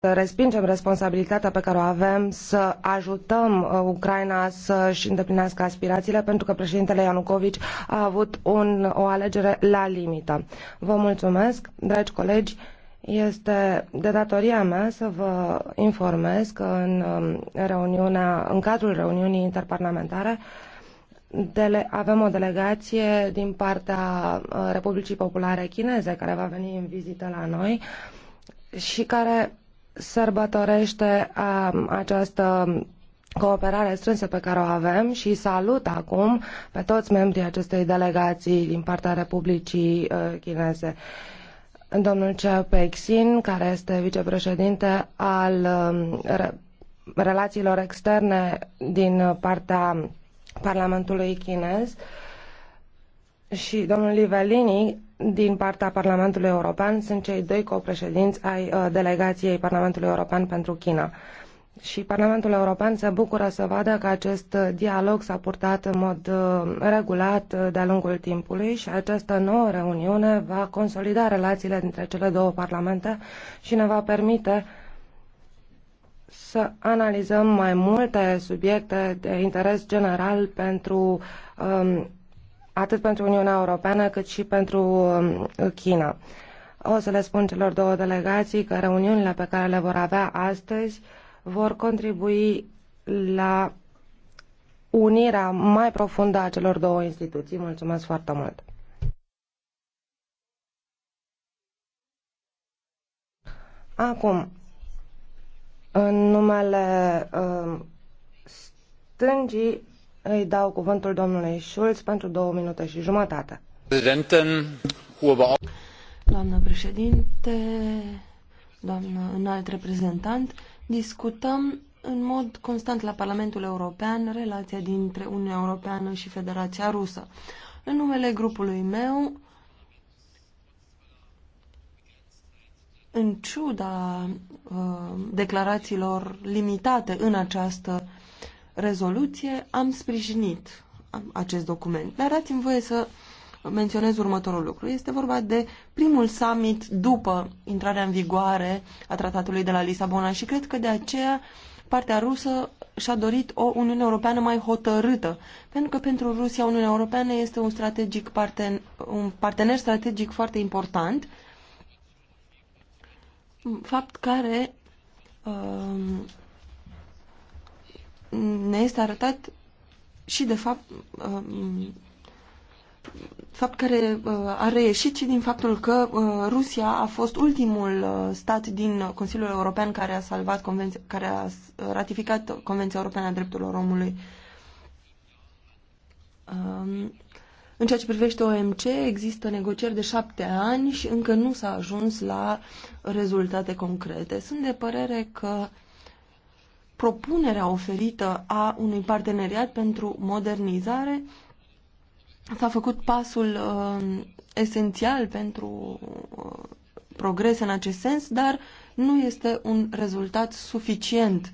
să respingem responsabilitatea pe care o avem să ajutăm uh, Ucraina să-și îndeplinească aspirațiile, pentru că președintele Ianucovici a avut un, o alegere la limită. Vă mulțumesc, dragi colegi. Este de datoria mea să vă informez că în, um, reuniunea, în cadrul reuniunii interparlamentare dele, avem o delegație din partea uh, Republicii Populare Chineze care va veni în vizită la noi și care sărbătorește um, această cooperare strânsă pe care o avem și salut acum pe toți membrii acestei delegații din partea Republicii uh, Chineze. Domnul Chao Peixin, care este vicepreședinte al um, relațiilor externe din partea Parlamentului chinez și domnul Livellini, din partea Parlamentului European sunt cei doi copreședinți ai uh, delegației Parlamentului European pentru China. Și Parlamentul European se bucură să vadă că acest uh, dialog s-a purtat în mod uh, regulat de-a lungul timpului și această nouă reuniune va consolida relațiile dintre cele două parlamente și ne va permite să analizăm mai multe subiecte de interes general pentru um, atât pentru Uniunea Europeană cât și pentru um, China. O să le spun celor două delegații că reuniunile pe care le vor avea astăzi vor contribui la unirea mai profundă a celor două instituții. Mulțumesc foarte mult! Acum, în numele uh, stângii, îi dau cuvântul domnului Schulz pentru două minute și jumătate. Doamnă președinte, doamnă înalt reprezentant, discutăm în mod constant la Parlamentul European relația dintre Uniunea Europeană și Federația Rusă. În numele grupului meu, în ciuda uh, declarațiilor limitate în această rezoluție am sprijinit acest document. Dar dați-mi voie să menționez următorul lucru. Este vorba de primul summit după intrarea în vigoare a tratatului de la Lisabona și cred că de aceea partea rusă și-a dorit o Uniune Europeană mai hotărâtă, pentru că pentru Rusia Uniunea Europeană este un, strategic parten, un partener strategic foarte important, fapt care um, ne este arătat și de fapt uh, fapt care uh, a reieșit și din faptul că uh, Rusia a fost ultimul stat din Consiliul European care a salvat convenția, care a ratificat Convenția Europeană a Drepturilor Omului. Um, în ceea ce privește OMC, există negocieri de șapte ani și încă nu s-a ajuns la rezultate concrete. Sunt de părere că uh, propunerea oferită a unui parteneriat pentru modernizare s-a făcut pasul uh, esențial pentru uh, progres în acest sens, dar nu este un rezultat suficient.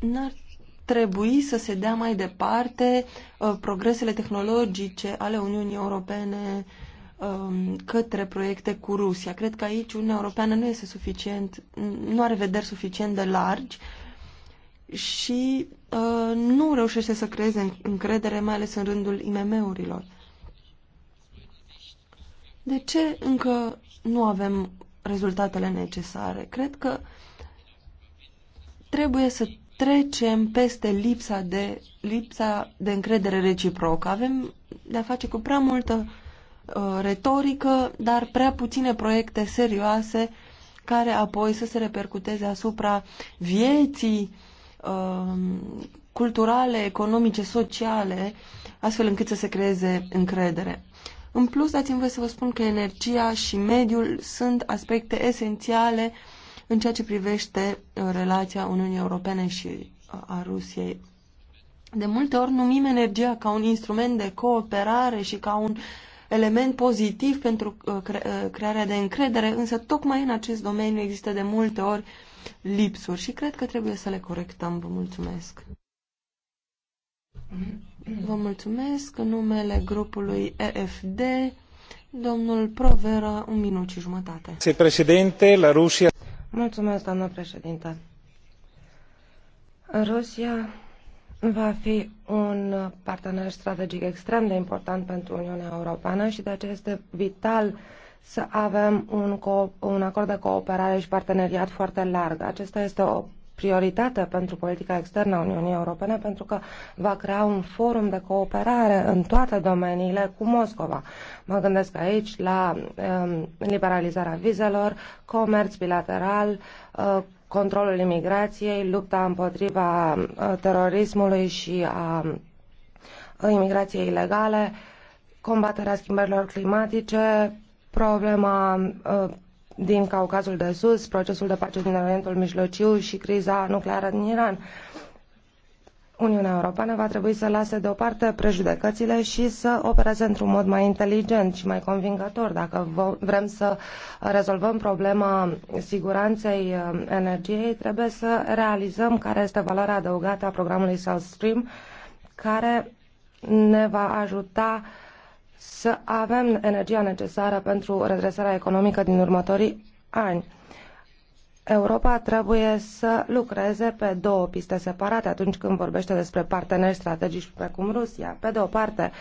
N-ar trebui să se dea mai departe uh, progresele tehnologice ale Uniunii Europene uh, Um, către proiecte cu Rusia. Cred că aici Uniunea Europeană nu este suficient, nu are vederi suficient de largi și uh, nu reușește să creeze încredere, mai ales în rândul IMM-urilor. De ce încă nu avem rezultatele necesare? Cred că trebuie să trecem peste lipsa de, lipsa de încredere reciprocă. Avem de-a face cu prea multă uh, Uh, retorică, dar prea puține proiecte serioase care apoi să se repercuteze asupra vieții uh, culturale, economice, sociale, astfel încât să se creeze încredere. În plus, dați-mi voie să vă spun că energia și mediul sunt aspecte esențiale în ceea ce privește uh, relația Uniunii Europene și a Rusiei. De multe ori numim energia ca un instrument de cooperare și ca un element pozitiv pentru uh, uh, crearea de încredere, însă tocmai în acest domeniu există de multe ori lipsuri și cred că trebuie să le corectăm. Vă mulțumesc! Vă mulțumesc în numele grupului EFD. Domnul Provera, un minut și jumătate. Se președinte, la Rusia. Mulțumesc, doamnă președinte. Rusia va fi un partener strategic extrem de important pentru Uniunea Europeană și de aceea este vital să avem un, un acord de cooperare și parteneriat foarte larg. Acesta este o prioritate pentru politica externă a Uniunii Europene pentru că va crea un forum de cooperare în toate domeniile cu Moscova. Mă gândesc aici la um, liberalizarea vizelor, comerț bilateral, uh, controlul imigrației, lupta împotriva uh, terorismului și a uh, imigrației ilegale, combaterea schimbărilor climatice, problema uh, din Caucazul de Sus, procesul de pace din Orientul Mijlociu și criza nucleară din Iran. Uniunea Europeană va trebui să lase deoparte prejudecățile și să opereze într-un mod mai inteligent și mai convingător dacă vrem să rezolvăm problema siguranței uh, energiei, trebuie să realizăm care este valoarea adăugată a programului South Stream care ne va ajuta să avem energia necesară pentru redresarea economică din următorii ani. Europa trebuie să lucreze pe două piste separate atunci când vorbește despre parteneri strategici precum Rusia. Pe de o parte,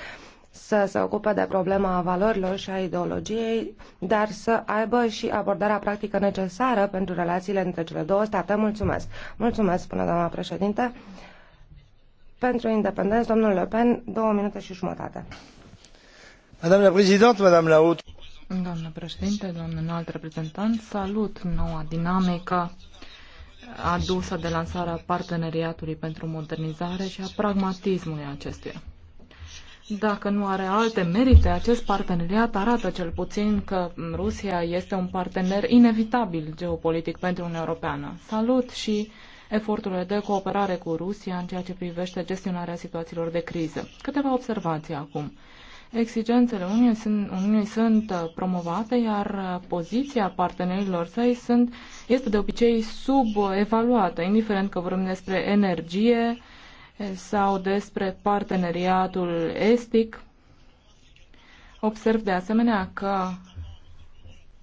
să se ocupe de problema valorilor și a ideologiei, dar să aibă și abordarea practică necesară pentru relațiile între cele două state. Mulțumesc! Mulțumesc, spune doamna președinte. Pentru independență, domnul Le Pen, două minute și jumătate. Madame la Présidente, Madame la Haute. Doamnă președinte, doamnă înalt reprezentant, salut noua dinamică adusă de lansarea parteneriatului pentru modernizare și a pragmatismului acestuia. Dacă nu are alte merite, acest parteneriat arată cel puțin că Rusia este un partener inevitabil geopolitic pentru Uniunea Europeană. Salut și eforturile de cooperare cu Rusia în ceea ce privește gestionarea situațiilor de criză. Câteva observații acum. Exigențele Uniunii sunt, Uniunii sunt uh, promovate, iar uh, poziția partenerilor săi sunt, este de obicei subevaluată, indiferent că vorbim despre energie eh, sau despre parteneriatul estic. Observ de asemenea că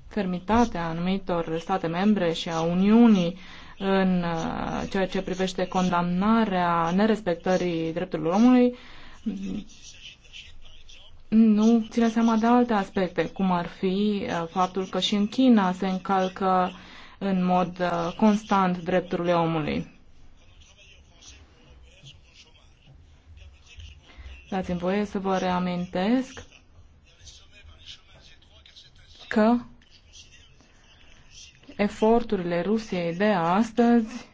fermitatea anumitor state membre și a Uniunii în uh, ceea ce privește condamnarea nerespectării drepturilor omului nu ține seama de alte aspecte, cum ar fi uh, faptul că și în China se încalcă în mod uh, constant drepturile omului. Dați-mi voie să vă reamintesc că eforturile Rusiei de astăzi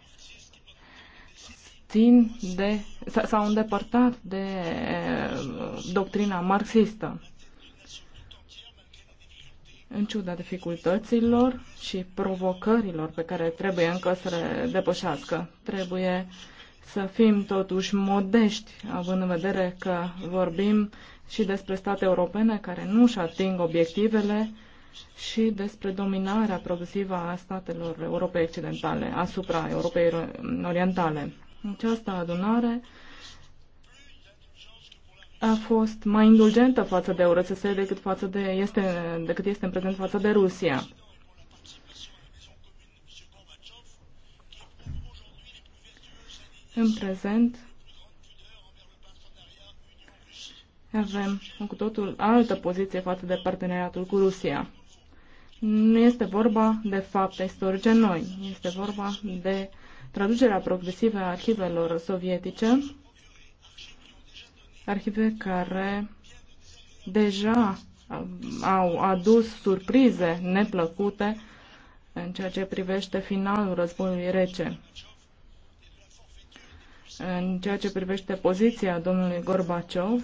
puțin de, s-au îndepărtat de eh, doctrina marxistă. În ciuda dificultăților și provocărilor pe care trebuie încă să le depășească, trebuie să fim totuși modești, având în vedere că vorbim și despre state europene care nu își ating obiectivele și despre dominarea progresivă a statelor Europei Occidentale asupra Europei Orientale. Această adunare a fost mai indulgentă față de URSS decât, față de, este, decât este în prezent față de Rusia. În prezent avem cu totul altă poziție față de parteneriatul cu Rusia nu este vorba de fapte istorice noi, este vorba de traducerea progresivă a arhivelor sovietice, arhive care deja au adus surprize neplăcute în ceea ce privește finalul războiului rece. În ceea ce privește poziția domnului Gorbaciov,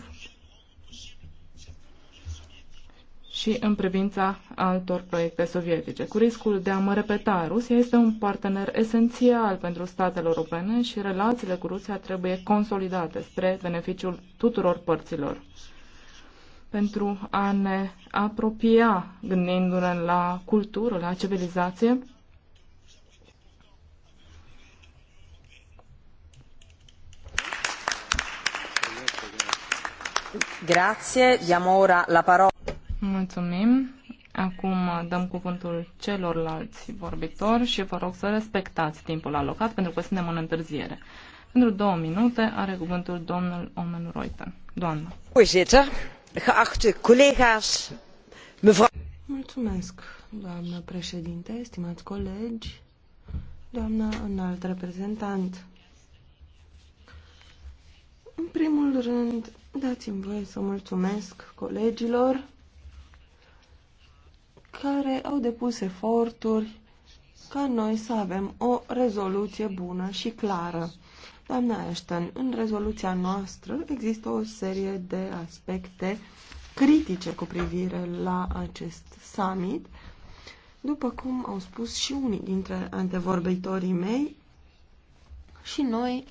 și în privința altor proiecte sovietice. Cu riscul de a mă repeta, Rusia este un partener esențial pentru statele europene și relațiile cu Rusia trebuie consolidate spre beneficiul tuturor părților. Pentru a ne apropia, gândindu-ne la cultură, la civilizație, Grazie, diamo ora la parola. Mulțumim. Acum dăm cuvântul celorlalți vorbitori și vă rog să respectați timpul alocat pentru că suntem în întârziere. Pentru două minute are cuvântul domnul Omen Reuter. Doamna. Voorzitter, geachte collega's, mevrouw... Mulțumesc, doamnă președinte, stimați colegi, doamnă înalt reprezentant. În primul rând, dați-mi voie să mulțumesc colegilor care au depus eforturi ca noi să avem o rezoluție bună și clară. Doamna Ashton, în rezoluția noastră există o serie de aspecte critice cu privire la acest summit. După cum au spus și unii dintre antevorbitorii mei, și noi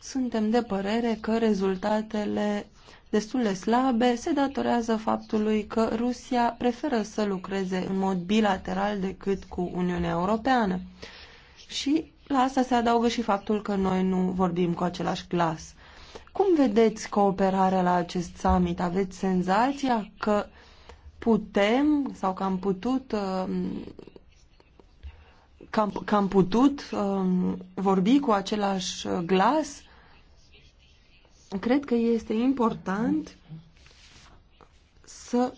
suntem de părere că rezultatele destule slabe se datorează faptului că Rusia preferă să lucreze în mod bilateral decât cu Uniunea Europeană. Și la asta se adaugă și faptul că noi nu vorbim cu același glas. Cum vedeți cooperarea la acest summit? Aveți senzația că putem sau că am putut um, că am, că am putut um, vorbi cu același glas Cred că este important să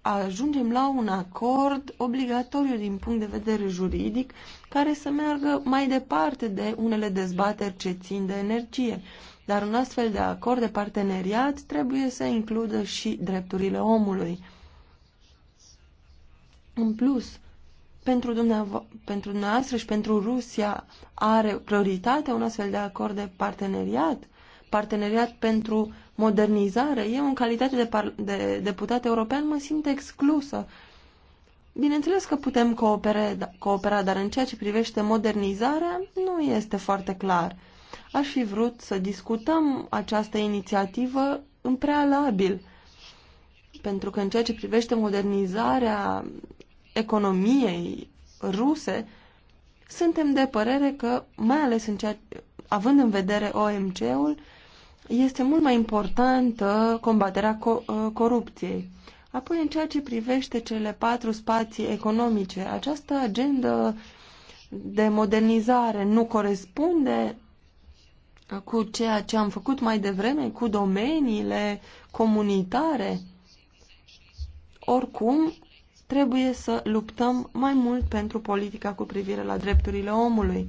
ajungem la un acord obligatoriu din punct de vedere juridic care să meargă mai departe de unele dezbateri ce țin de energie. Dar un astfel de acord de parteneriat trebuie să includă și drepturile omului. În plus, pentru, dumneavo- pentru dumneavoastră și pentru Rusia are prioritate un astfel de acord de parteneriat? parteneriat pentru modernizare, eu, în calitate de, par- de deputat european, mă simt exclusă. Bineînțeles că putem coopere, da, coopera, dar în ceea ce privește modernizarea, nu este foarte clar. Aș fi vrut să discutăm această inițiativă în prealabil, pentru că în ceea ce privește modernizarea economiei ruse, suntem de părere că, mai ales în ceea, având în vedere OMC-ul, este mult mai importantă combaterea co- uh, corupției. Apoi, în ceea ce privește cele patru spații economice, această agendă de modernizare nu corespunde cu ceea ce am făcut mai devreme, cu domeniile comunitare. Oricum, trebuie să luptăm mai mult pentru politica cu privire la drepturile omului.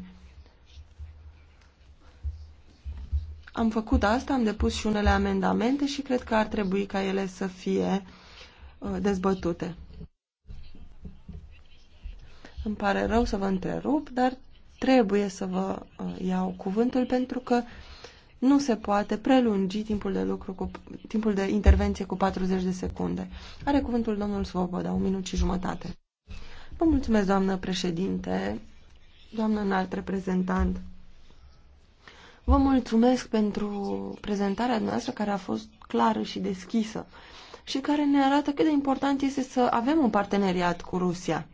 Am făcut asta, am depus și unele amendamente și cred că ar trebui ca ele să fie uh, dezbătute. Îmi pare rău să vă întrerup, dar trebuie să vă uh, iau cuvântul pentru că nu se poate prelungi timpul de lucru cu, timpul de intervenție cu 40 de secunde. Are cuvântul domnul Svoboda, un minut și jumătate. Vă mulțumesc, doamnă președinte, doamnă înalt reprezentant. Vă mulțumesc pentru prezentarea noastră care a fost clară și deschisă și care ne arată cât de important este să avem un parteneriat cu Rusia.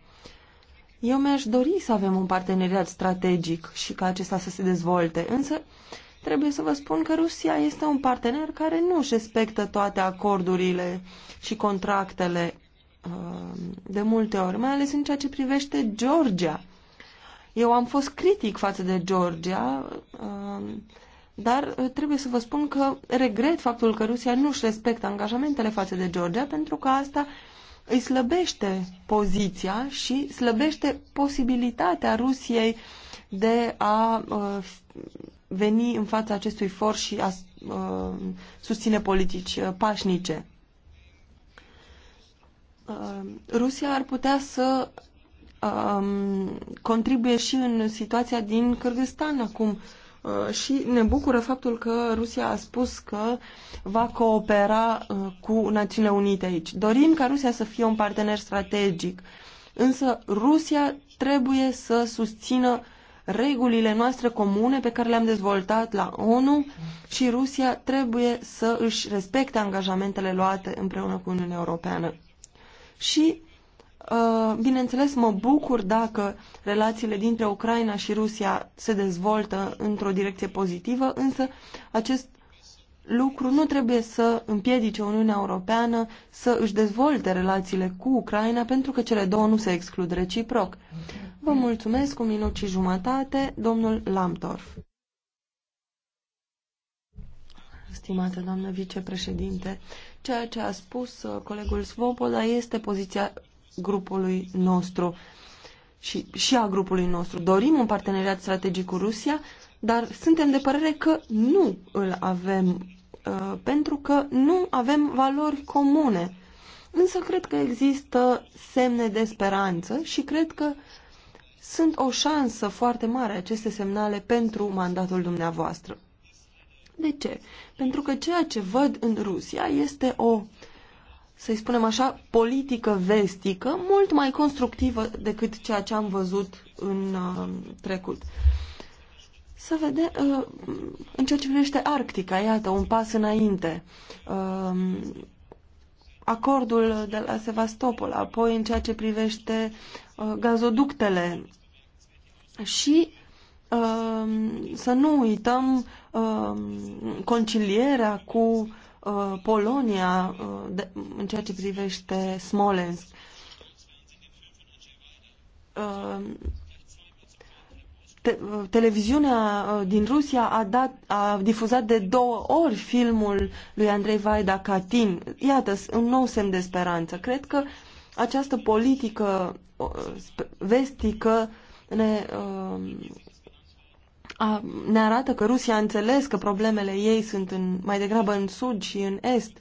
Eu mi-aș dori să avem un parteneriat strategic și ca acesta să se dezvolte, însă trebuie să vă spun că Rusia este un partener care nu își respectă toate acordurile și contractele uh, de multe ori, mai ales în ceea ce privește Georgia. Eu am fost critic față de Georgia, um, dar uh, trebuie să vă spun că regret faptul că Rusia nu își respectă angajamentele față de Georgia, pentru că asta îi slăbește poziția și slăbește posibilitatea Rusiei de a uh, veni în fața acestui for și a uh, susține politici pașnice. Rusia ar putea să um, contribuie și în situația din Kyrgyzstan acum. Uh, și ne bucură faptul că Rusia a spus că va coopera uh, cu Națiunile Unite aici. Dorim ca Rusia să fie un partener strategic, însă Rusia trebuie să susțină regulile noastre comune pe care le-am dezvoltat la ONU și Rusia trebuie să își respecte angajamentele luate împreună cu Uniunea Europeană. Și Uh, bineînțeles, mă bucur dacă relațiile dintre Ucraina și Rusia se dezvoltă într-o direcție pozitivă, însă acest lucru nu trebuie să împiedice Uniunea Europeană să își dezvolte relațiile cu Ucraina, pentru că cele două nu se exclud reciproc. Vă mulțumesc, un minut și jumătate, domnul Lamtorf. Stimată doamnă vicepreședinte, ceea ce a spus uh, colegul Svoboda este poziția grupului nostru și, și a grupului nostru. Dorim un parteneriat strategic cu Rusia, dar suntem de părere că nu îl avem, uh, pentru că nu avem valori comune. Însă cred că există semne de speranță și cred că sunt o șansă foarte mare aceste semnale pentru mandatul dumneavoastră. De ce? Pentru că ceea ce văd în Rusia este o uh, să-i spunem așa, politică vestică, mult mai constructivă decât ceea ce am văzut în uh, trecut. Să vedem, uh, în ceea ce privește Arctica, iată, un pas înainte. Uh, acordul de la Sevastopol, apoi în ceea ce privește uh, gazoductele și uh, să nu uităm uh, concilierea cu uh, Uh, Polonia uh, în ceea ce privește Smolensk. Uh, te televiziunea din Rusia a, dat, a difuzat de două ori filmul lui Andrei Vaida Catin. Iată, un nou semn de speranță. Cred că această politică vestică ne a, ne arată că Rusia a înțeles că problemele ei sunt în, mai degrabă în sud și în est.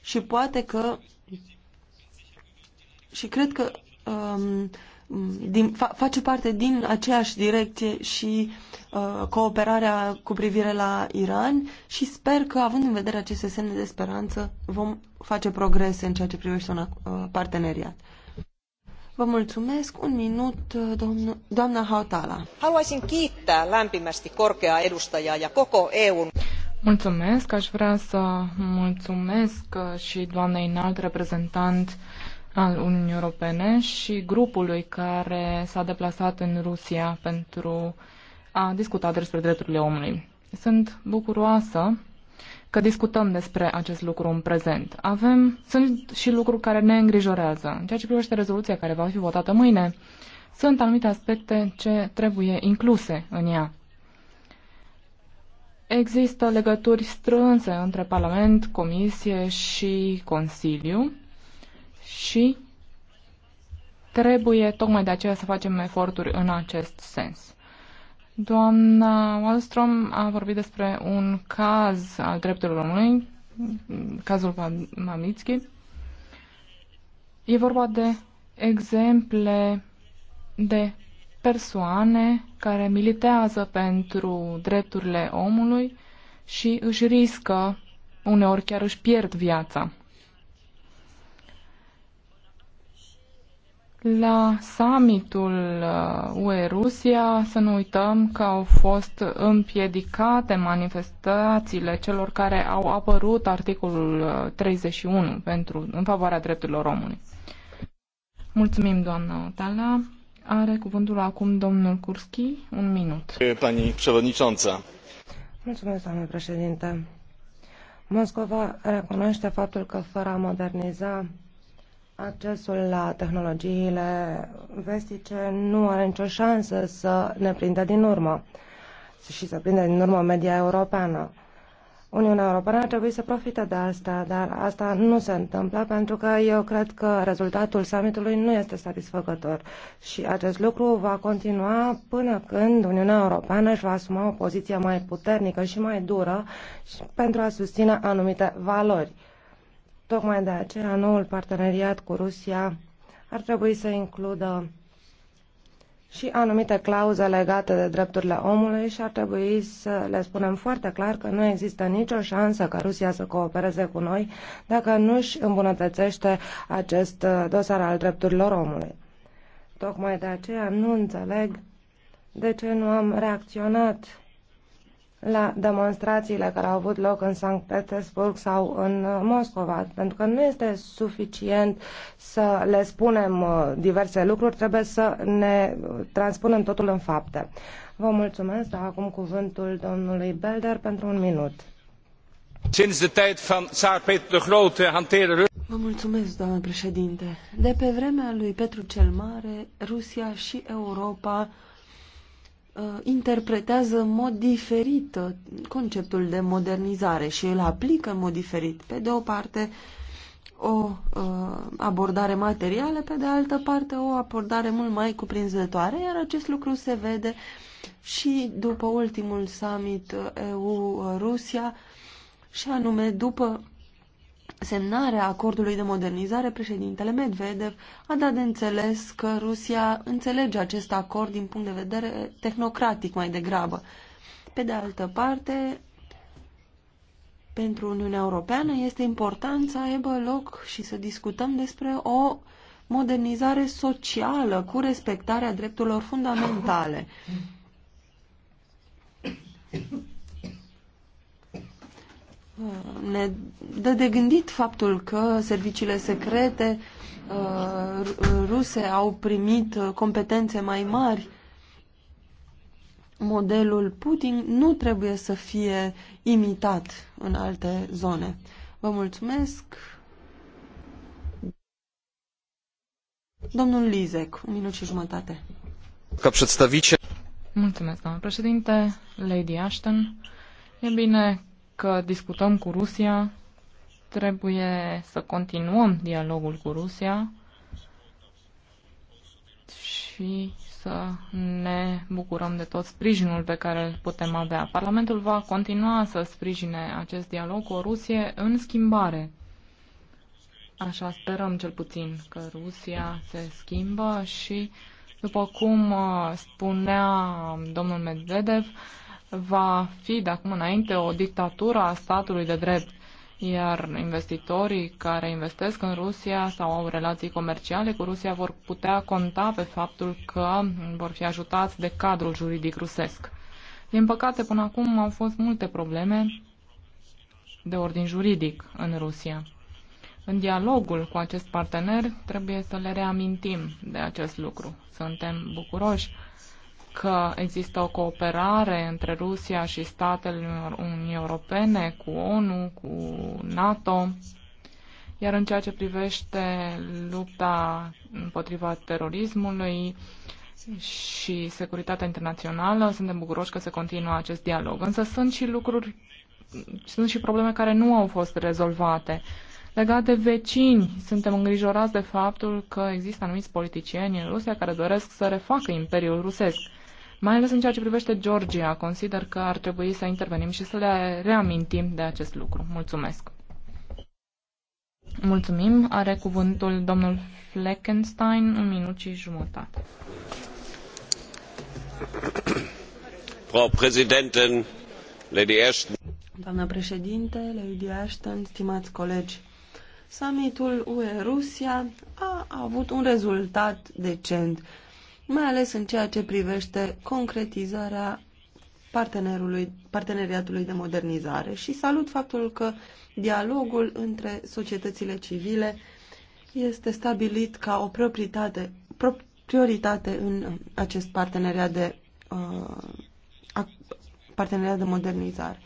Și poate că și cred că um, din, fa, face parte din aceeași direcție și uh, cooperarea cu privire la Iran și sper că, având în vedere aceste semne de speranță, vom face progrese în ceea ce privește un uh, parteneriat. Vă mulțumesc. Un minut, domn doamna Hautala. Haluaisin kiittää lämpimästi korkeaa edustajaa ja koko EUn. Mulțumesc. Aș vrea să mulțumesc și doamnei înalt reprezentant al Uniunii Europene și grupului care s-a deplasat în Rusia pentru a discuta despre drepturile omului. Sunt bucuroasă că discutăm despre acest lucru în prezent. Avem, sunt și lucruri care ne îngrijorează. În ceea ce privește rezoluția care va fi votată mâine, sunt anumite aspecte ce trebuie incluse în ea. Există legături strânse între Parlament, Comisie și Consiliu și trebuie tocmai de aceea să facem eforturi în acest sens. Doamna Wallström a vorbit despre un caz al drepturilor omului, cazul Mamitski. E vorba de exemple de persoane care militează pentru drepturile omului și își riscă, uneori chiar își pierd viața. La summitul UE-Rusia, uh, să nu uităm că au fost împiedicate manifestațiile celor care au apărut articolul 31 uh, pentru, în favoarea drepturilor omului. Mulțumim, doamnă Otala. Are cuvântul acum domnul Kurski, un minut. Pani przewodnicząca. Mulțumesc, doamnă președinte. Moscova recunoaște faptul că fără a moderniza Accesul la tehnologiile vestice nu are nicio șansă să ne prindă din urmă și să prindă din urmă media europeană. Uniunea Europeană ar trebui să profite de asta, dar asta nu se întâmplă pentru că eu cred că rezultatul summitului nu este satisfăcător și acest lucru va continua până când Uniunea Europeană își va asuma o poziție mai puternică și mai dură pentru a susține anumite valori Tocmai de aceea, noul parteneriat cu Rusia ar trebui să includă și anumite clauze legate de drepturile omului și ar trebui să le spunem foarte clar că nu există nicio șansă ca Rusia să coopereze cu noi dacă nu își îmbunătățește acest uh, dosar al drepturilor omului. Tocmai de aceea nu înțeleg de ce nu am reacționat la demonstrațiile care au avut loc în Sankt Petersburg sau în uh, Moscova, pentru că nu este suficient să le spunem uh, diverse lucruri, trebuie să ne uh, transpunem totul în fapte. Vă mulțumesc, dar acum cuvântul domnului Belder pentru un minut. Sinds de tijd van Saar Peter de Grote hanteren Vă mulțumesc, doamnă președinte. De pe vremea lui Petru cel Mare, Rusia și Europa Uh, interpretează în mod diferit uh, conceptul de modernizare și îl aplică în mod diferit. Pe de o parte, o uh, abordare materială, pe de altă parte, o abordare mult mai cuprinzătoare, iar acest lucru se vede și după ultimul summit EU-Rusia, și anume după semnarea acordului de modernizare, președintele Medvedev a dat de înțeles că Rusia înțelege acest acord din punct de vedere tehnocratic mai degrabă. Pe de altă parte, pentru Uniunea Europeană este important să aibă loc și să discutăm despre o modernizare socială cu respectarea drepturilor fundamentale ne dă de gândit faptul că serviciile secrete uh, ruse au primit uh, competențe mai mari. Modelul Putin nu trebuie să fie imitat în alte zone. Vă mulțumesc. Domnul Lizec, un minut și jumătate. Ca Mulțumesc, doamnă președinte, Lady Ashton. E bine că discutăm cu Rusia, trebuie să continuăm dialogul cu Rusia și să ne bucurăm de tot sprijinul pe care îl putem avea. Parlamentul va continua să sprijine acest dialog cu o Rusie în schimbare. Așa sperăm cel puțin că Rusia se schimbă și, după cum uh, spunea domnul Medvedev, va fi de acum înainte o dictatură a statului de drept, iar investitorii care investesc în Rusia sau au relații comerciale cu Rusia vor putea conta pe faptul că vor fi ajutați de cadrul juridic rusesc. Din păcate, până acum au fost multe probleme de ordin juridic în Rusia. În dialogul cu acest partener trebuie să le reamintim de acest lucru. Suntem bucuroși că există o cooperare între Rusia și statele Uniunii Europene, cu ONU, cu NATO. Iar în ceea ce privește lupta împotriva terorismului și securitatea internațională, suntem bucuroși că se continuă acest dialog. Însă sunt și lucruri, sunt și probleme care nu au fost rezolvate. Legat de vecini, suntem îngrijorați de faptul că există anumiți politicieni în Rusia care doresc să refacă Imperiul Rusesc. Mai ales în ceea ce privește Georgia, consider că ar trebui să intervenim și să le reamintim de acest lucru. Mulțumesc! Mulțumim. Are cuvântul domnul Fleckenstein, un minut și jumătate. Frau Präsidentin, Lady Ashton. Doamna președinte, Lady Ashton, stimați colegi, summitul UE-Rusia a avut un rezultat decent mai ales în ceea ce privește concretizarea partenerului, parteneriatului de modernizare și salut faptul că dialogul între societățile civile este stabilit ca o prioritate, prioritate în acest parteneriat de, uh, parteneriat de modernizare.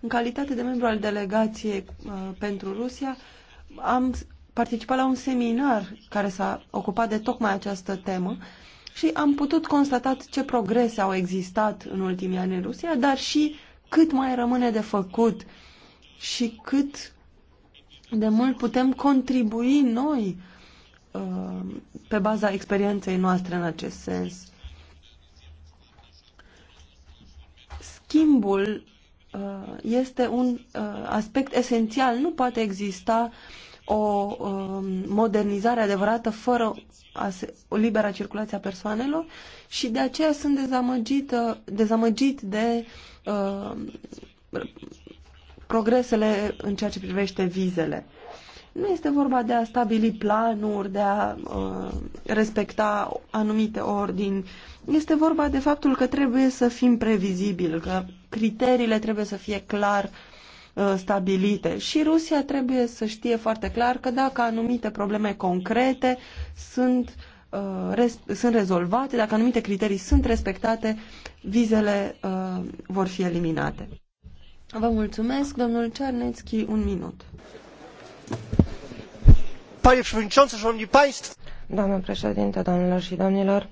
În calitate de membru al delegației uh, pentru Rusia, am participat la un seminar care s-a ocupat de tocmai această temă și am putut constata ce progrese au existat în ultimii ani în Rusia, dar și cât mai rămâne de făcut și cât de mult putem contribui noi uh, pe baza experienței noastre în acest sens. Schimbul uh, este un uh, aspect esențial, nu poate exista uh, o um, modernizare adevărată fără o libera circulație a persoanelor și de aceea sunt dezamăgită, dezamăgit de um, progresele în ceea ce privește vizele. Nu este vorba de a stabili planuri, de a uh, respecta anumite ordini. Este vorba de faptul că trebuie să fim previzibili, că criteriile trebuie să fie clar uh, Uh, stabilite și Rusia trebuie să știe foarte clar că dacă anumite probleme concrete sunt, uh, sunt rezolvate, dacă anumite criterii sunt respectate, vizele uh, vor fi eliminate. Vă mulțumesc, domnul Cernețchi, un minut. Panie Przewodniczący, Szanowni Państwo! Doamnă președinte, domnilor și domnilor,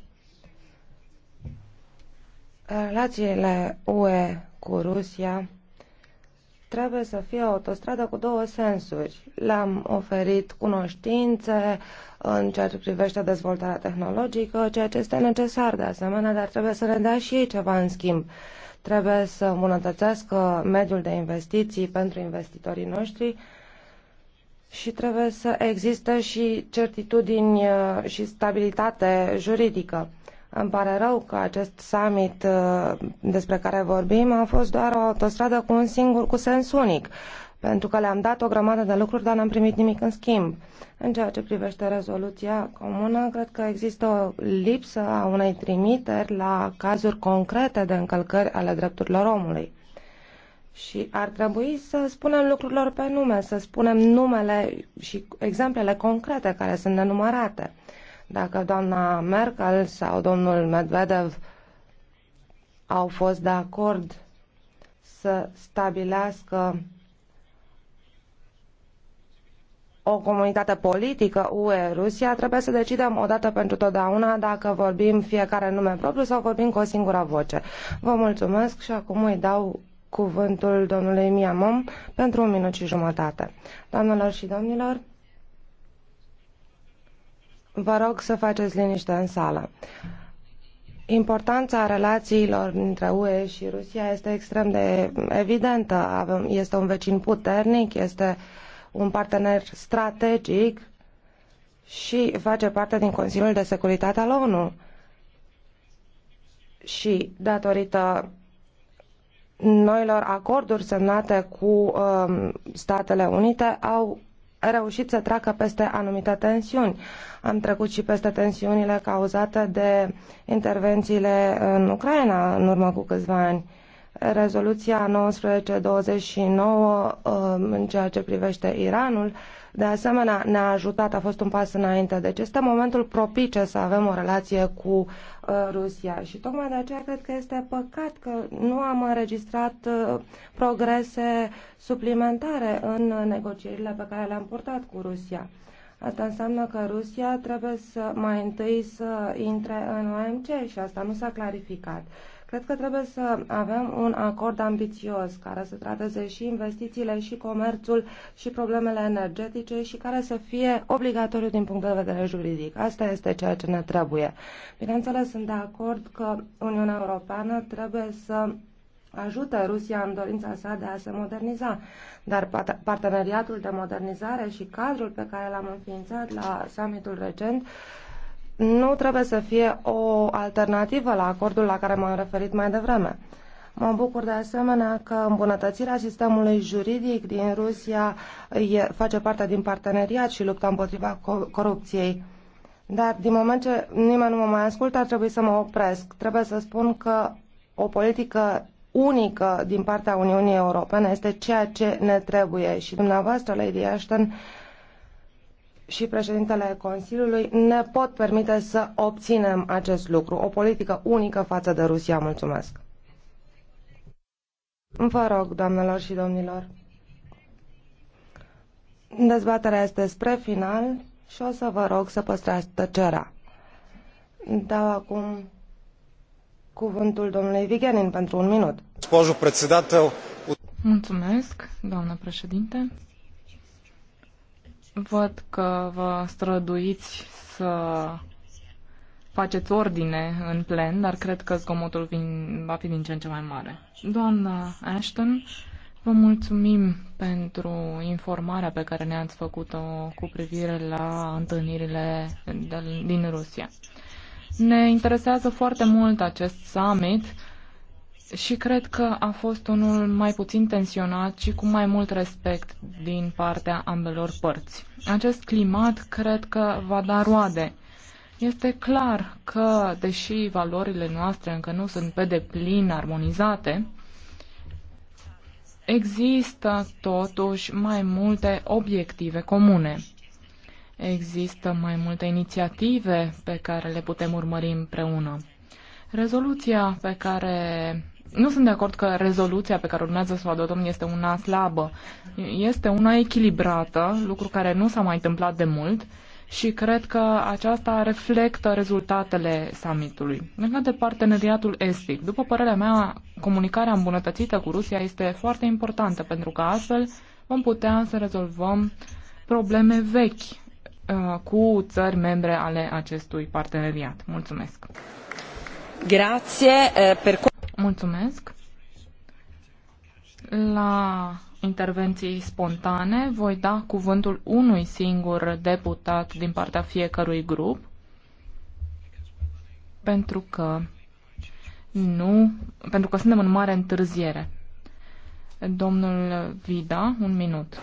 relațiile UE cu Rusia trebuie să fie o autostradă cu două sensuri. Le-am oferit cunoștințe în ceea ce privește dezvoltarea tehnologică, ceea ce este necesar de asemenea, dar trebuie să le dea și ei ceva în schimb. Trebuie să îmbunătățească mediul de investiții pentru investitorii noștri și trebuie să existe și certitudini uh, și stabilitate juridică îmi pare rău că acest summit uh, despre care vorbim a fost doar o autostradă cu un singur, cu sens unic, pentru că le-am dat o grămadă de lucruri, dar n-am primit nimic în schimb. În ceea ce privește rezoluția comună, cred că există o lipsă a unei trimiteri la cazuri concrete de încălcări ale drepturilor omului. Și ar trebui să spunem lucrurilor pe nume, să spunem numele și exemplele concrete care sunt nenumărate. Uh, dacă doamna Merkel sau domnul Medvedev au fost de acord să stabilească o comunitate politică UE-Rusia, trebuie să decidem odată pentru totdeauna dacă vorbim fiecare nume propriu sau vorbim cu o singură voce. Vă mulțumesc și acum îi dau cuvântul domnului Miamom pentru un minut și jumătate. Doamnelor și domnilor, Vă rog să faceți liniște în sală. Importanța relațiilor dintre UE și Rusia este extrem de evidentă. Avem, este un vecin puternic, este un partener strategic și face parte din Consiliul de Securitate al ONU. Și datorită noilor acorduri semnate cu um, Statele Unite au reușit să treacă peste anumite tensiuni. Am trecut și peste tensiunile cauzate de intervențiile în Ucraina în urmă cu câțiva ani. Rezoluția 1929 uh, în ceea ce privește Iranul de asemenea, ne-a ajutat, a fost un pas înainte. Deci este momentul propice să avem o relație cu uh, Rusia și tocmai de aceea cred că este păcat că nu am înregistrat uh, progrese suplimentare în negocierile pe care le-am purtat cu Rusia. Asta înseamnă că Rusia trebuie să mai întâi să intre în OMC și asta nu s-a clarificat. Uh, Cred că trebuie să avem un acord ambițios care să trateze și investițiile, și comerțul, și problemele energetice și care să fie obligatoriu din punct de vedere juridic. Asta este ceea ce ne trebuie. Bineînțeles, sunt de acord că Uniunea Europeană trebuie să ajută Rusia în dorința sa de a se moderniza. Dar parteneriatul de modernizare și cadrul pe care l-am înființat la summitul recent nu trebuie să fie o alternativă la acordul la care m-am referit mai devreme. Mă bucur de asemenea că îmbunătățirea sistemului juridic din Rusia face parte din parteneriat și lupta împotriva corupției. Dar din moment ce nimeni nu mă mai ascultă, ar trebui să mă opresc. Trebuie să spun că o politică unică din partea Uniunii Europene este ceea ce ne trebuie și dumneavoastră, Lady Ashton, și președintele Consiliului ne pot permite să obținem acest lucru, o politică unică față de Rusia. Mulțumesc! Vă rog, doamnelor și domnilor, dezbaterea este spre final și o să vă rog să păstrați tăcerea. Dau acum cuvântul domnului Vigenin pentru un minut. Mulțumesc, doamnă președinte. Văd că vă străduiți să faceți ordine în plen, dar cred că zgomotul vin, va fi din ce în ce mai mare. Doamna Ashton, vă mulțumim pentru informarea pe care ne-ați făcut-o cu privire la întâlnirile din Rusia. Ne interesează foarte mult acest summit și cred că a fost unul mai puțin tensionat și cu mai mult respect din partea ambelor părți. Acest climat cred că va da roade. Este clar că, deși valorile noastre încă nu sunt pe deplin armonizate, există totuși mai multe obiective comune. Există mai multe inițiative pe care le putem urmări împreună. Rezoluția pe care nu sunt de acord că rezoluția pe care urmează să o adoptăm este una slabă. Este una echilibrată, lucru care nu s-a mai întâmplat de mult și cred că aceasta reflectă rezultatele summitului. Legat de parteneriatul estic, după părerea mea, comunicarea îmbunătățită cu Rusia este foarte importantă pentru că astfel vom putea să rezolvăm probleme vechi uh, cu țări membre ale acestui parteneriat. Mulțumesc! Grazie uh, per Mulțumesc. La intervenții spontane voi da cuvântul unui singur deputat din partea fiecărui grup, pentru că nu, pentru că suntem în mare întârziere. Domnul Vida, un minut.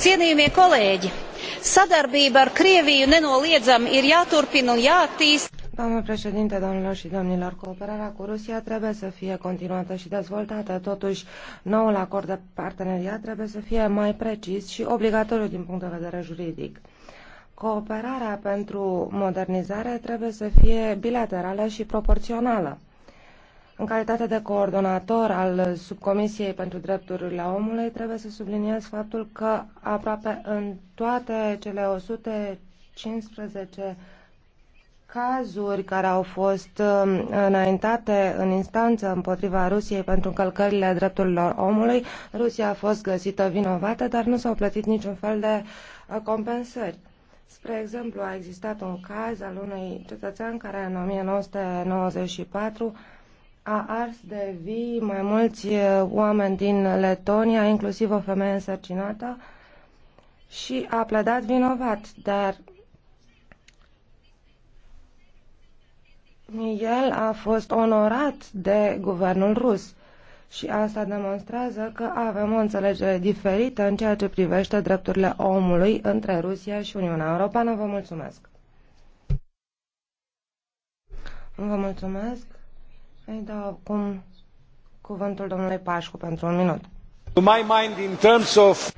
Cienījamie colegi, sadarbība ar Krieviju nenoliedzam ir jāturpina un jāattīst. Doamnă președinte, domnilor și domnilor, cooperarea cu Rusia trebuie să fie continuată și dezvoltată. Totuși, noul acord de parteneriat trebuie să fie mai precis și obligatoriu din punct de vedere juridic. Cooperarea pentru modernizare trebuie să fie bilaterală și proporțională. În calitate de coordonator al Subcomisiei pentru Drepturile Omului, trebuie să subliniez faptul că aproape în toate cele 115 cazuri care au fost um, înaintate în instanță împotriva Rusiei pentru încălcările drepturilor omului, Rusia a fost găsită vinovată, dar nu s-au plătit niciun fel de uh, compensări. Spre exemplu, a existat un caz al unui cetățean care în 1994 a ars de vii mai mulți uh, oameni din Letonia, inclusiv o femeie însărcinată, și a plădat vinovat, dar El a fost onorat de guvernul rus și asta demonstrează că avem o înțelegere diferită în ceea ce privește drepturile omului între Rusia și Uniunea Europeană. Vă mulțumesc! Vă mulțumesc! Îi dau acum cuvântul domnului Pașcu pentru un minut. My mind in terms of...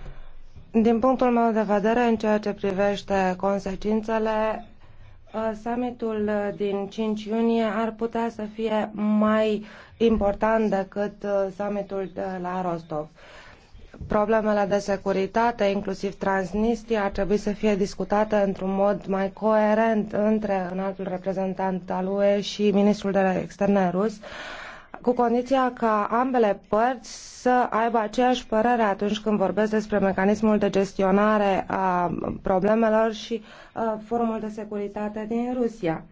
Din punctul meu de vedere, în ceea ce privește consecințele, Uh, summitul uh, din 5 iunie ar putea să fie mai important decât uh, summitul de la Rostov. Problemele de securitate, inclusiv Transnistria, ar trebui să fie discutate într-un mod mai coerent între înaltul reprezentant al UE și ministrul de externe rus cu condiția ca ambele părți să aibă aceeași părere atunci când vorbesc despre mecanismul de gestionare a problemelor și uh, forumul de securitate din Rusia.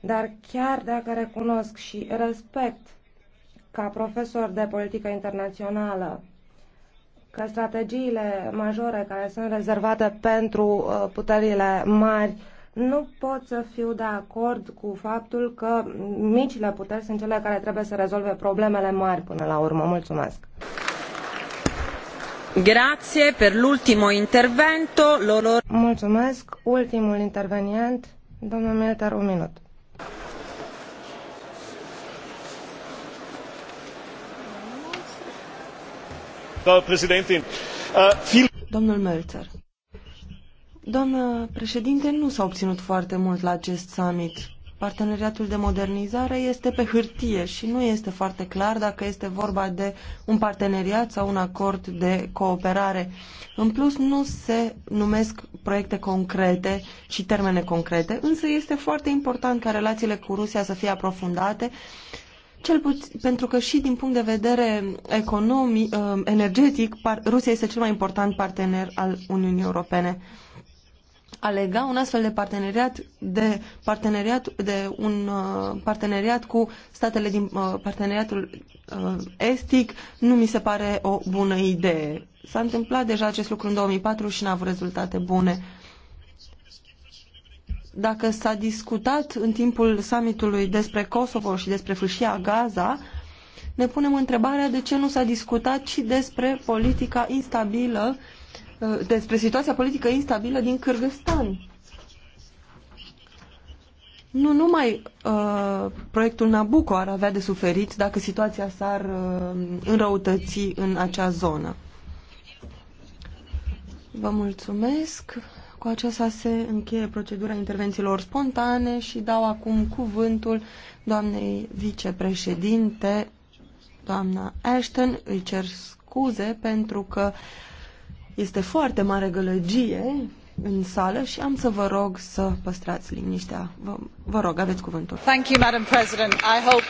Dar chiar dacă recunosc și respect ca profesor de politică internațională că strategiile majore care sunt rezervate pentru uh, puterile mari uh, nu pot să fiu de acord cu faptul că micile puteri sunt cele care trebuie să rezolve problemele mari până la urmă. Mulțumesc! Grazie per l'ultimo intervento. L'olor... Mulțumesc. Ultimul intervenient, domnul Milter, un minut. Äh, domnul Mölzer. Doamnă președinte, nu s-a obținut foarte mult la acest summit. Parteneriatul de modernizare este pe hârtie și nu este foarte clar dacă este vorba de un parteneriat sau un acord de cooperare. În plus, nu se numesc proiecte concrete și termene concrete, însă este foarte important ca relațiile cu Rusia să fie aprofundate, cel puțin, pentru că și din punct de vedere economic, uh, energetic, Rusia este cel mai important partener al Uniunii Europene a lega un astfel de parteneriat de parteneriat de un uh, parteneriat cu statele din uh, parteneriatul uh, estic nu mi se pare o bună idee. S-a întâmplat deja acest lucru în 2004 și n-a avut rezultate bune. Dacă s-a discutat în timpul summitului despre Kosovo și despre fâșia Gaza, ne punem întrebarea de ce nu s-a discutat și despre politica instabilă uh, Uh, despre situația politică instabilă din Kyrgyzstan. Nu numai uh, proiectul Nabucco ar avea de suferit dacă situația s-ar uh, înrăutăți în acea zonă. Vă mulțumesc. Cu aceasta se încheie procedura intervențiilor spontane și dau acum cuvântul doamnei vicepreședinte, doamna Ashton. Îi cer scuze pentru că uh, este foarte mare gălăgie în sală și am să vă rog să păstrați liniștea. Vă, vă rog, aveți cuvântul. Thank you, Madam President. I hope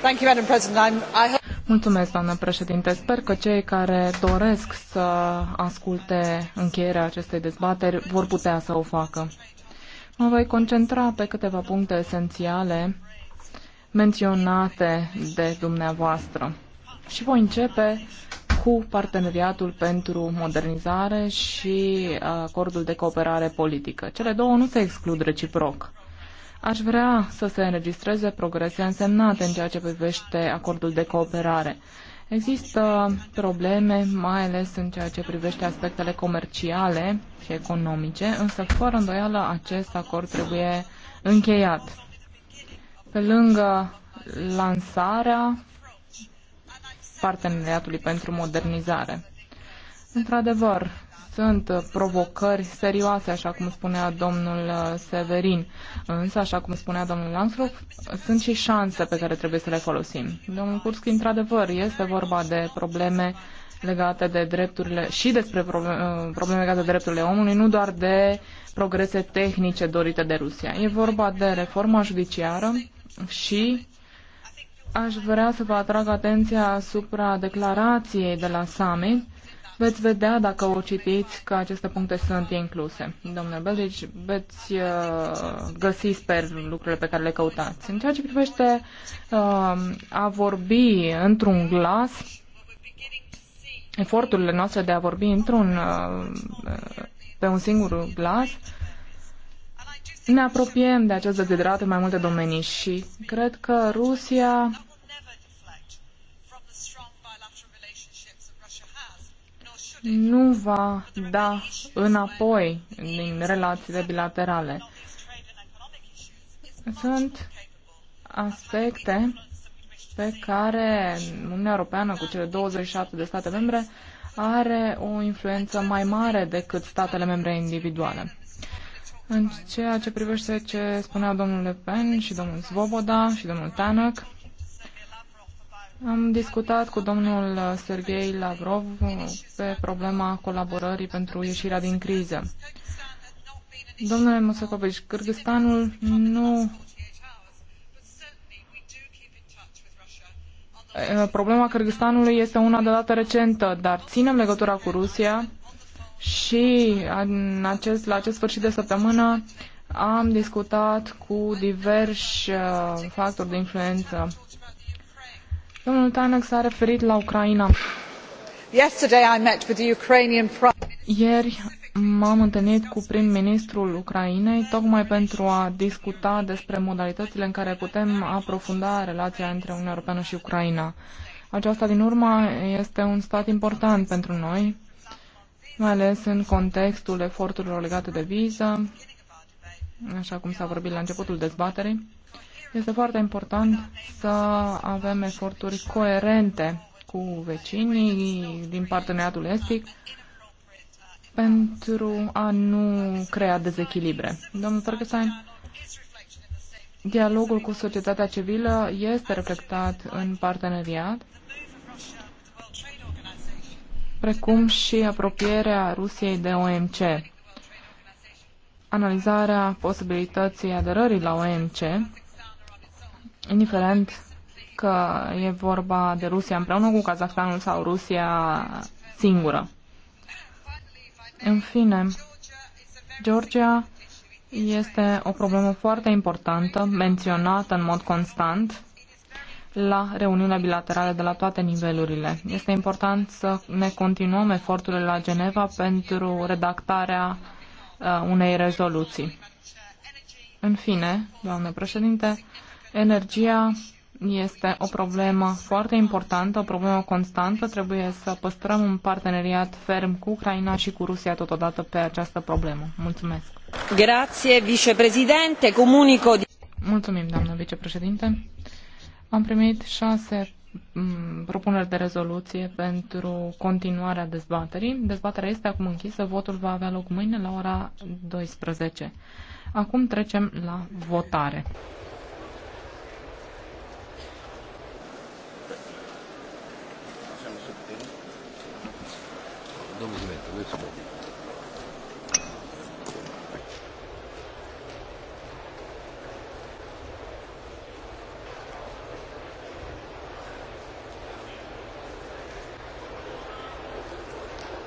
Thank you, Madam President. I'm, I hope... Mulțumesc, doamnă președinte. Sper că cei care doresc să asculte încheierea acestei dezbateri vor putea să o facă. Mă voi concentra pe câteva puncte esențiale menționate de dumneavoastră. Și voi începe cu parteneriatul pentru modernizare și uh, acordul de cooperare politică. Cele două nu se exclud reciproc. Aș vrea să se înregistreze progrese însemnate în ceea ce privește acordul de cooperare. Există probleme, mai ales în ceea ce privește aspectele comerciale și economice, însă fără îndoială acest acord trebuie încheiat. Pe lângă lansarea parteneriatului pentru modernizare. Într-adevăr, sunt provocări serioase, așa cum spunea domnul uh, Severin. Însă, așa cum spunea domnul Lansrop, sunt și șanse pe care trebuie să le folosim. Domnul Kurski, într-adevăr, este vorba de probleme legate de drepturile și despre probleme, uh, probleme legate de drepturile omului, nu doar de progrese tehnice dorite de Rusia. E vorba de reforma judiciară, și aș vrea să vă atrag atenția asupra declarației de la summit. Veți vedea dacă o citiți că aceste puncte sunt incluse. Domnule Belgici, veți uh, găsi, sper, lucrurile pe care le căutați. În ceea ce privește uh, a vorbi într-un glas, eforturile noastre de a vorbi într-un, uh, pe un singur glas, uh, ne apropiem de acest deziderat în mai multe domenii și cred că Rusia nu va da înapoi din relațiile bilaterale. Sunt aspecte pe care Uniunea Europeană cu cele 27 de state membre are o influență mai mare decât statele membre individuale. În ceea ce privește ce spunea domnul Le Pen și domnul Svoboda și domnul Tanăc, am discutat cu domnul Sergei Lavrov pe problema colaborării pentru ieșirea din criză. Domnule Mosecovici, Kyrgyzstanul nu eh, Problema Kyrgyzstanului este una de dată recentă, dar ținem legătura cu Rusia și în acest, la acest sfârșit de săptămână am discutat cu diversi uh, factori de influență. Domnul Tanak s-a referit la Ucraina. Ieri m-am întâlnit cu prim-ministrul Ucrainei tocmai pentru a discuta despre modalitățile în care putem aprofunda relația între Uniunea Europeană și Ucraina. Aceasta, din urmă, este un stat important pentru noi mai ales în contextul eforturilor legate de viză, așa cum s-a vorbit la începutul dezbaterii. Este foarte important să avem eforturi coerente cu vecinii din parteneriatul estic pentru a nu crea dezechilibre. Domnul Ferguson, dialogul cu societatea civilă este reflectat în parteneriat precum și apropierea Rusiei de OMC. Analizarea posibilității aderării la OMC, indiferent că e vorba de Rusia împreună cu Kazahstanul sau Rusia singură. În fine, Georgia este o problemă foarte importantă, menționată în mod constant la reuniunile bilaterale de la toate nivelurile. Este important să ne continuăm eforturile la Geneva pentru redactarea uh, unei rezoluții. În fine, doamnă președinte, energia este o problemă foarte importantă, o problemă constantă. Trebuie să păstrăm un parteneriat ferm cu Ucraina și cu Rusia totodată pe această problemă. Mulțumesc. Grație, vicepreședinte. Comunico. Mulțumim, doamnă vicepreședinte. Am primit șase mm, propuneri de rezoluție pentru continuarea dezbaterii. Dezbaterea este acum închisă, votul va avea loc mâine la ora 12. Acum trecem la votare. Domnule,